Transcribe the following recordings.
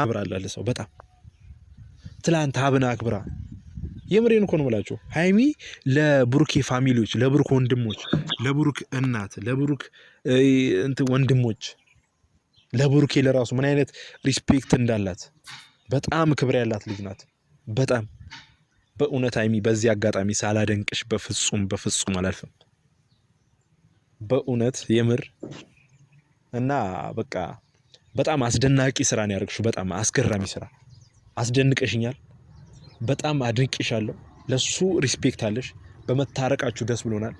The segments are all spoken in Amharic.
አብራላለ ሰው በጣም ትላንት ሀብን አክብራ የምሬን እኮ ነው ብላችሁ ሀይሚ ለብሩክ ፋሚሊዎች፣ ለብሩክ ወንድሞች፣ ለብሩክ እናት፣ ለብሩክ ወንድሞች፣ ለብሩኬ ለራሱ ምን አይነት ሪስፔክት እንዳላት በጣም ክብር ያላት ልጅ ናት። በጣም በእውነት ሀይሚ በዚህ አጋጣሚ ሳላደንቅሽ በፍጹም በፍጹም አላልፍም። በእውነት የምር እና በቃ በጣም አስደናቂ ስራ ነው ያደርግሽው። በጣም አስገራሚ ስራ አስደንቀሽኛል። በጣም አድንቅሻለሁ። ለሱ ሪስፔክት አለሽ። በመታረቃችሁ ደስ ብሎናል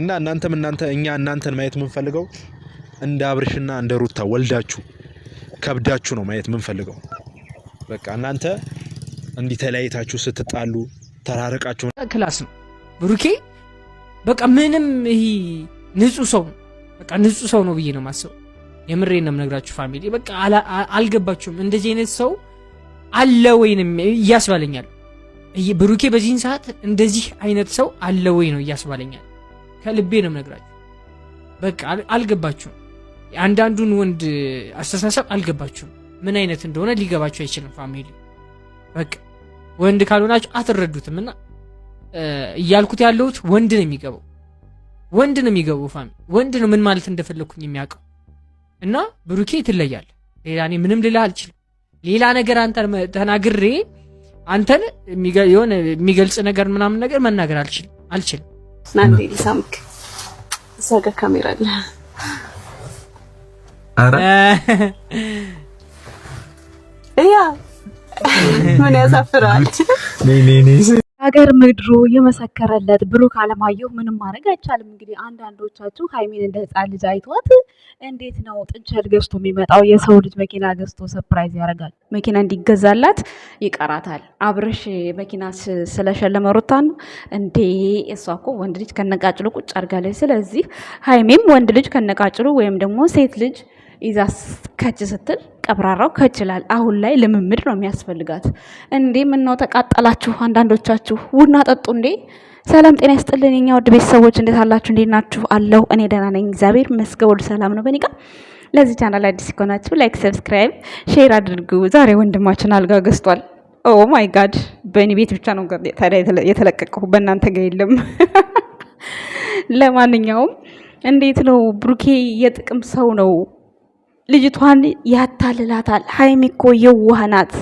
እና እናንተም እናንተ እኛ እናንተን ማየት የምንፈልገው እንደ አብርሽና እንደ ሩታ ወልዳችሁ ከብዳችሁ ነው ማየት የምንፈልገው። በቃ እናንተ እንዲህ ተለያይታችሁ ስትጣሉ ተራረቃችሁ ክላስ ነው። ብሩኬ በቃ ምንም ይሄ ንጹህ ሰው በቃ ንጹህ ሰው ነው ብዬ ነው የማስበው። የምሬ ነው የምነግራችሁ ፋሚሊ በቃ አልገባችሁም። እንደዚህ አይነት ሰው አለ ወይንም እያስባለኛል። ብሩኬ በዚህን ሰዓት እንደዚህ አይነት ሰው አለ ወይ ነው እያስባለኛል። ከልቤ ነው የምነግራችሁ። በቃ አልገባችሁም። የአንዳንዱን ወንድ አስተሳሰብ አልገባችሁም። ምን አይነት እንደሆነ ሊገባችሁ አይችልም ፋሚሊ። በቃ ወንድ ካልሆናችሁ አትረዱትም። እና እያልኩት ያለሁት ወንድ ነው የሚገባው፣ ወንድ ነው የሚገባው ፋሚ ወንድ ነው ምን ማለት እንደፈለግኩኝ የሚያውቀው እና ብሩኬ ትለያል። ሌላ እኔ ምንም ልልህ አልችልም። ሌላ ነገር አንተ ተናግሬ አንተን የሆነ የሚገልጽ ነገር ምናምን ነገር መናገር አልችልም አልችልም። ናንዴ ሊሳምክ እዛ ጋር ካሜራ አለ። ያ ምን ያሳፍራል? ሀገር ምድሩ የመሰከረለት ብሩክ አለማየሁ ምንም ማድረግ አይቻልም። እንግዲህ አንዳንዶቻችሁ ሀይሜን እንደ ህፃን ልጅ አይቷት እንዴት ነው ጥንቸል ገዝቶ የሚመጣው የሰው ልጅ መኪና ገዝቶ ሰፕራይዝ ያደርጋል። መኪና እንዲገዛላት ይቀራታል። አብርሽ መኪና ስለሸለመ ሩታ ነው እንዴ? እሷ እኮ ወንድ ልጅ ከነቃጭሉ ቁጭ አርጋለች። ስለዚህ ሀይሜም ወንድ ልጅ ከነቃጭሉ ወይም ደግሞ ሴት ልጅ ይዛ ከች ስትል ቀብራራው ከችላል። አሁን ላይ ልምምድ ነው የሚያስፈልጋት። እንዴ ምን ነው ተቃጠላችሁ? አንዳንዶቻችሁ ቡና ጠጡ እንዴ? ሰላም ጤና ይስጥልን የኛ ውድ ቤተሰቦች፣ እንዴት አላችሁ? እንዴት ናችሁ? አለው እኔ ደህና ነኝ፣ እግዚአብሔር ይመስገን፣ ወደ ሰላም ነው በእኔ ጋር። ለዚህ ቻናል አዲስ ከሆናችሁ ላይክ፣ ሰብስክራይብ፣ ሼር አድርጉ። ዛሬ ወንድማችን አልጋ ገዝቷል። ኦ ማይ ጋድ! በእኔ ቤት ብቻ ነው ታዲያ የተለቀቀው፣ በእናንተ ጋ የለም። ለማንኛውም እንዴት ነው ብሩኬ? የጥቅም ሰው ነው ልጅቷን ያታልላታል። ሀይሚ እኮ የዋህ ናት።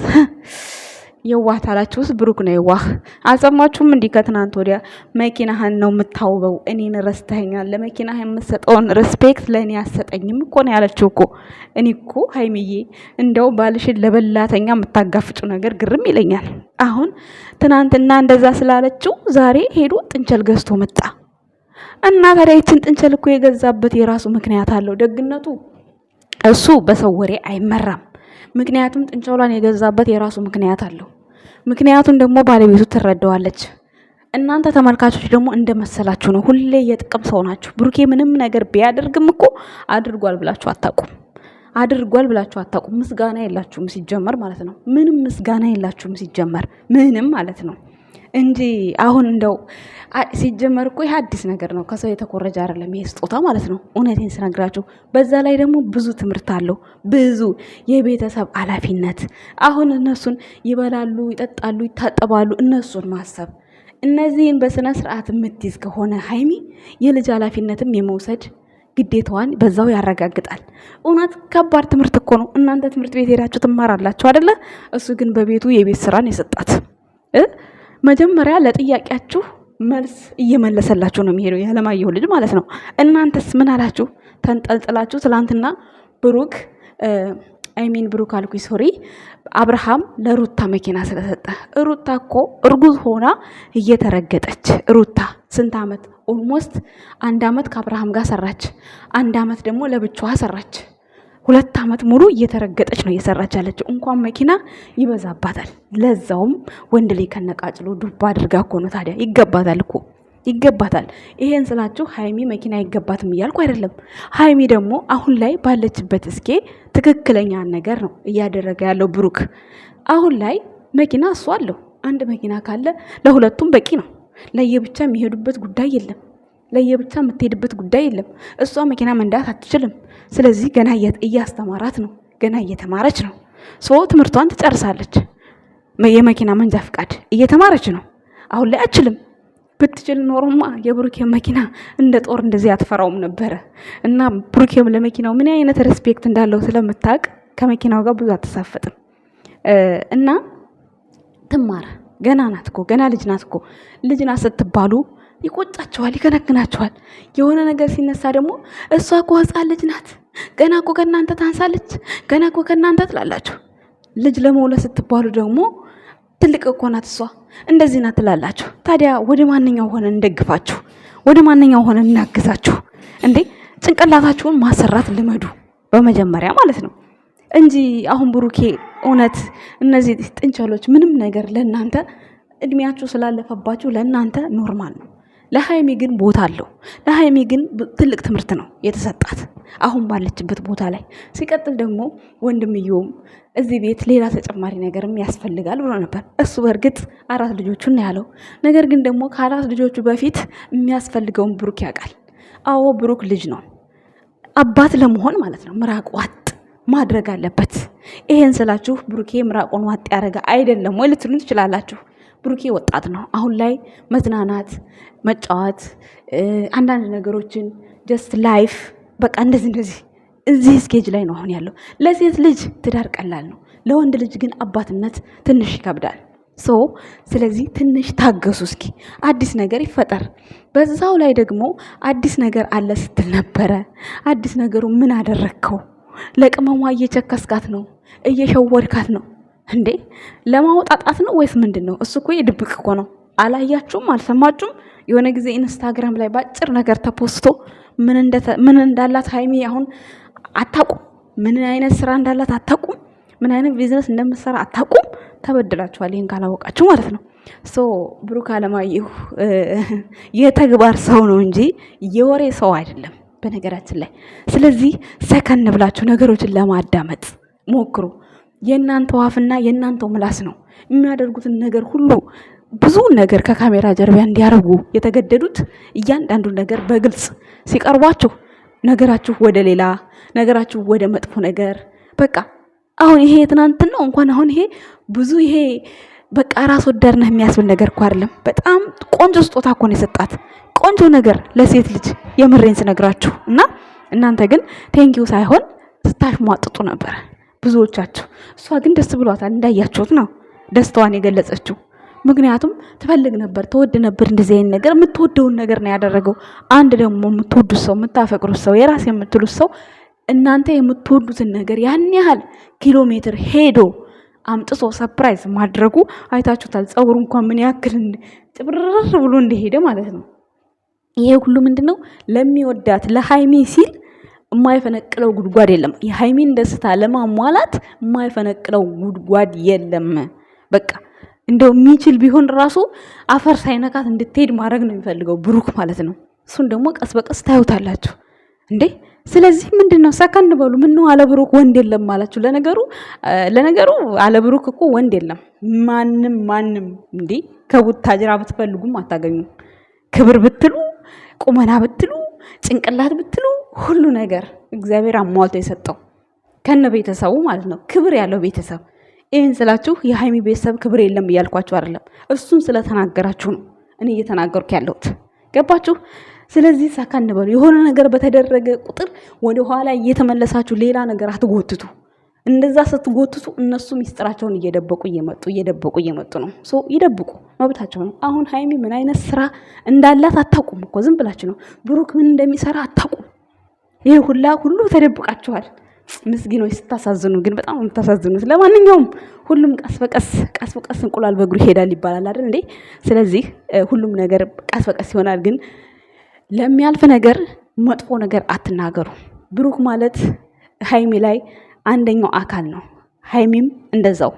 የዋህ ታላችሁ ውስጥ ብሩክ ነው የዋህ። አልሰማችሁም? እንዲህ ከትናንት ወዲያ መኪናህን ነው የምታውበው፣ እኔን ረስተኛል። ለመኪናህ የምሰጠውን ሬስፔክት ለእኔ አሰጠኝም እኮ ነው ያለችው እኮ። እኔ እኮ ሀይሚዬ እንደው ባልሽን ለበላተኛ የምታጋፍጩ ነገር ግርም ይለኛል። አሁን ትናንትና እንደዛ ስላለችው ዛሬ ሄዶ ጥንቸል ገዝቶ መጣ እና ታዲያ ይችን ጥንቸል እኮ የገዛበት የራሱ ምክንያት አለው ደግነቱ እሱ በሰው ወሬ አይመራም። ምክንያቱም ጥንቸሏን የገዛበት የራሱ ምክንያት አለው። ምክንያቱን ደግሞ ባለቤቱ ትረዳዋለች። እናንተ ተመልካቾች ደግሞ እንደመሰላችሁ ነው። ሁሌ የጥቅም ሰው ናችሁ። ብሩኬ ምንም ነገር ቢያደርግም እኮ አድርጓል ብላችሁ አታውቁም። አድርጓል ብላችሁ አታውቁም። ምስጋና የላችሁም ሲጀመር ማለት ነው። ምንም ምስጋና የላችሁም ሲጀመር ምንም ማለት ነው። እንጂ አሁን እንደው ሲጀመር እኮ ይህ አዲስ ነገር ነው። ከሰው የተኮረጀ አይደለም ይሄ ስጦታ ማለት ነው። እውነቴን ስነግራችሁ፣ በዛ ላይ ደግሞ ብዙ ትምህርት አለው። ብዙ የቤተሰብ ኃላፊነት። አሁን እነሱን ይበላሉ፣ ይጠጣሉ፣ ይታጠባሉ። እነሱን ማሰብ እነዚህን በስነ ስርዓት የምትይዝ ከሆነ ሀይሚ የልጅ ኃላፊነትም የመውሰድ ግዴታዋን በዛው ያረጋግጣል። እውነት ከባድ ትምህርት እኮ ነው። እናንተ ትምህርት ቤት ሄዳችሁ ትማራላችሁ አደለ? እሱ ግን በቤቱ የቤት ስራን የሰጣት መጀመሪያ ለጥያቄያችሁ መልስ እየመለሰላችሁ ነው የሚሄደው የአለማየሁ ልጅ ማለት ነው። እናንተስ ምን አላችሁ? ተንጠልጥላችሁ ትላንትና ብሩክ አይሚን ብሩክ አልኩ ሶሪ አብርሃም ለሩታ መኪና ስለሰጠ ሩታ እኮ እርጉዝ ሆና እየተረገጠች ሩታ ስንት ዓመት ኦልሞስት አንድ ዓመት ከአብርሃም ጋር ሰራች፣ አንድ ዓመት ደግሞ ለብቻዋ ሰራች። ሁለት ዓመት ሙሉ እየተረገጠች ነው እየሰራች ያለችው። እንኳን መኪና ይበዛባታል፣ ለዛውም ወንድ ላይ ከነቃጭሎ ዱባ አድርጋ እኮ ነው። ታዲያ ይገባታል እኮ ይገባታል። ይሄን ስላችሁ ሀይሚ መኪና አይገባትም እያልኩ አይደለም። ሀይሚ ደግሞ አሁን ላይ ባለችበት እስኬ ትክክለኛ ነገር ነው እያደረገ ያለው ብሩክ። አሁን ላይ መኪና እሱ አለው። አንድ መኪና ካለ ለሁለቱም በቂ ነው። ለየብቻ የሚሄዱበት ጉዳይ የለም። ለየብቻ የምትሄድበት ጉዳይ የለም። እሷ መኪና መንዳት አትችልም። ስለዚህ ገና እያስተማራት ነው፣ ገና እየተማረች ነው። ሶ ትምህርቷን ትጨርሳለች። የመኪና መንጃ ፍቃድ እየተማረች ነው። አሁን ላይ አችልም። ብትችል ኖሮማ የብሩኬ መኪና እንደ ጦር እንደዚህ አትፈራውም ነበረ። እና ብሩኬም ለመኪናው ምን አይነት ሬስፔክት እንዳለው ስለምታውቅ ከመኪናው ጋር ብዙ አትሳፈጥም። እና ትማር። ገና ናት እኮ ገና ልጅ ናት እኮ ልጅ ናት ስትባሉ ይቆጫቸዋል፣ ይከነክናቸዋል። የሆነ ነገር ሲነሳ ደግሞ እሷ እኮ ሕፃን ልጅ ናት፣ ገና እኮ ከእናንተ ታንሳለች፣ ገና እኮ ከእናንተ ትላላችሁ። ልጅ ለመውለድ ስትባሉ ደግሞ ትልቅ እኮ ናት እሷ፣ እንደዚህ ናት ትላላችሁ። ታዲያ ወደ ማንኛው ሆነ እንደግፋችሁ? ወደ ማንኛው ሆነ እናግዛችሁ? እንዴ ጭንቅላታችሁን ማሰራት ልመዱ በመጀመሪያ ማለት ነው እንጂ አሁን ብሩኬ፣ እውነት እነዚህ ጥንቸሎች ምንም ነገር ለእናንተ እድሜያችሁ ስላለፈባችሁ ለእናንተ ኖርማል ነው። ለሀይሚ ግን ቦታ አለው። ለሀይሚ ግን ትልቅ ትምህርት ነው የተሰጣት አሁን ባለችበት ቦታ ላይ። ሲቀጥል ደግሞ ወንድምየውም እዚህ ቤት ሌላ ተጨማሪ ነገርም ያስፈልጋል ብሎ ነበር። እሱ በእርግጥ አራት ልጆቹን ያለው። ነገር ግን ደግሞ ከአራት ልጆቹ በፊት የሚያስፈልገውን ብሩክ ያውቃል። አዎ ብሩክ ልጅ ነው፣ አባት ለመሆን ማለት ነው። ምራቅ ዋጥ ማድረግ አለበት። ይሄን ስላችሁ ብሩኬ ምራቁን ዋጥ ያደረገ አይደለም ወይ ልትሉን ትችላላችሁ። ብሩኬ ወጣት ነው። አሁን ላይ መዝናናት፣ መጫወት፣ አንዳንድ ነገሮችን ጀስት ላይፍ በቃ እንደዚህ እንደዚህ እዚህ ስኬጅ ላይ ነው አሁን ያለው። ለሴት ልጅ ትዳር ቀላል ነው። ለወንድ ልጅ ግን አባትነት ትንሽ ይከብዳል። ሶ ስለዚህ ትንሽ ታገሱ፣ እስኪ አዲስ ነገር ይፈጠር። በዛው ላይ ደግሞ አዲስ ነገር አለ ስትል ነበረ። አዲስ ነገሩ ምን አደረግከው? ለቅመሟ እየቸከስካት ነው፣ እየሸወድካት ነው። እንዴ ለማውጣጣት ነው ወይስ ምንድን ነው? እሱ እኮ የድብቅ እኮ ነው። አላያችሁም? አልሰማችሁም? የሆነ ጊዜ ኢንስታግራም ላይ ባጭር ነገር ተፖስቶ ምን እንዳላት ሀይሚ አሁን አታቁም። ምን አይነት ስራ እንዳላት አታቁም። ምን አይነት ቢዝነስ እንደምትሰራ አታቁም። ተበድላችኋል፣ ይህን ካላወቃችሁ ማለት ነው። ሶ ብሩክ አለማየሁ የተግባር ሰው ነው እንጂ የወሬ ሰው አይደለም፣ በነገራችን ላይ። ስለዚህ ሰከን ብላችሁ ነገሮችን ለማዳመጥ ሞክሩ። የእናንተው አፍና የእናንተው ምላስ ነው የሚያደርጉትን ነገር ሁሉ ብዙ ነገር ከካሜራ ጀርባ እንዲያርጉ የተገደዱት። እያንዳንዱ ነገር በግልጽ ሲቀርቧችሁ ነገራችሁ ወደ ሌላ ነገራችሁ ወደ መጥፎ ነገር በቃ አሁን ይሄ ትናንት ነው እንኳን አሁን ይሄ ብዙ ይሄ በቃ ራስ ወዳድ ነህ የሚያስብል ነገር እኮ አይደለም። በጣም ቆንጆ ስጦታ እኮ ነው የሰጣት ቆንጆ ነገር ለሴት ልጅ የምሬን ስነግራችሁ እና እናንተ ግን ቴንኪው ሳይሆን ስታሽሟጥጡ ነበረ። ብዙዎቻቸው። እሷ ግን ደስ ብሏታል፣ እንዳያችሁት ነው ደስታዋን የገለጸችው። ምክንያቱም ትፈልግ ነበር፣ ትወድ ነበር እንደዚህ አይነት ነገር። የምትወደውን ነገር ነው ያደረገው። አንድ ደግሞ የምትወዱት ሰው፣ የምታፈቅሩት ሰው፣ የራስ የምትሉት ሰው እናንተ የምትወዱትን ነገር ያን ያህል ኪሎ ሜትር ሄዶ አምጥቶ ሰፕራይዝ ማድረጉ አይታችሁታል። ፀጉሩ እንኳን ምን ያክል ጭብርር ብሎ እንደሄደ ማለት ነው። ይሄ ሁሉ ምንድን ነው ለሚወዳት ለሀይሜ ሲል የማይፈነቅለው ጉድጓድ የለም። የሃይሚን ደስታ ለማሟላት የማይፈነቅለው ጉድጓድ የለም። በቃ እንደው የሚችል ቢሆን ራሱ አፈር ሳይነካት እንድትሄድ ማድረግ ነው የሚፈልገው ብሩክ ማለት ነው። እሱን ደግሞ ቀስ በቀስ ታዩታላችሁ እንዴ። ስለዚህ ምንድን ነው ሰከን በሉ። ምን ነው አለብሩክ ወንድ የለም አላችሁ። ለነገሩ ለነገሩ አለብሩክ እኮ ወንድ የለም። ማንም ማንም እንዴ ከቡታጅራ ብትፈልጉም አታገኙም። ክብር ብትሉ ቁመና ብትሉ ጭንቅላት ብትሉ ሁሉ ነገር እግዚአብሔር አሟልቶ የሰጠው ከነ ቤተሰቡ ማለት ነው። ክብር ያለው ቤተሰብ። ይህን ስላችሁ የሀይሚ ቤተሰብ ክብር የለም እያልኳችሁ አይደለም። እሱን ስለተናገራችሁ ነው እኔ እየተናገርኩ ያለሁት። ገባችሁ? ስለዚህ ሳካ እንበሉ። የሆነ ነገር በተደረገ ቁጥር ወደኋላ እየተመለሳችሁ ሌላ ነገር አትጎትቱ። እንደዛ ስትጎትቱ እነሱ ሚስጥራቸውን እየደበቁ እየመጡ እየደበቁ እየመጡ ነው። ሶ ይደብቁ፣ መብታቸው ነው። አሁን ሀይሚ ምን አይነት ስራ እንዳላት አታውቁም እኮ ዝም ብላችሁ ነው። ብሩክ ምን እንደሚሰራ አታውቁም። ይሄ ሁላ ሁሉ ተደብቃችኋል። ምስጊኖች ስታሳዝኑ ግን በጣም የምታሳዝኑት። ለማንኛውም ሁሉም ቀስ በቀስ ቀስ በቀስ እንቁላል በእግሩ ይሄዳል ይባላል አይደል እንዴ? ስለዚህ ሁሉም ነገር ቀስ በቀስ ይሆናል። ግን ለሚያልፍ ነገር መጥፎ ነገር አትናገሩ። ብሩክ ማለት ሀይሚ ላይ አንደኛው አካል ነው። ሀይሚም እንደዛው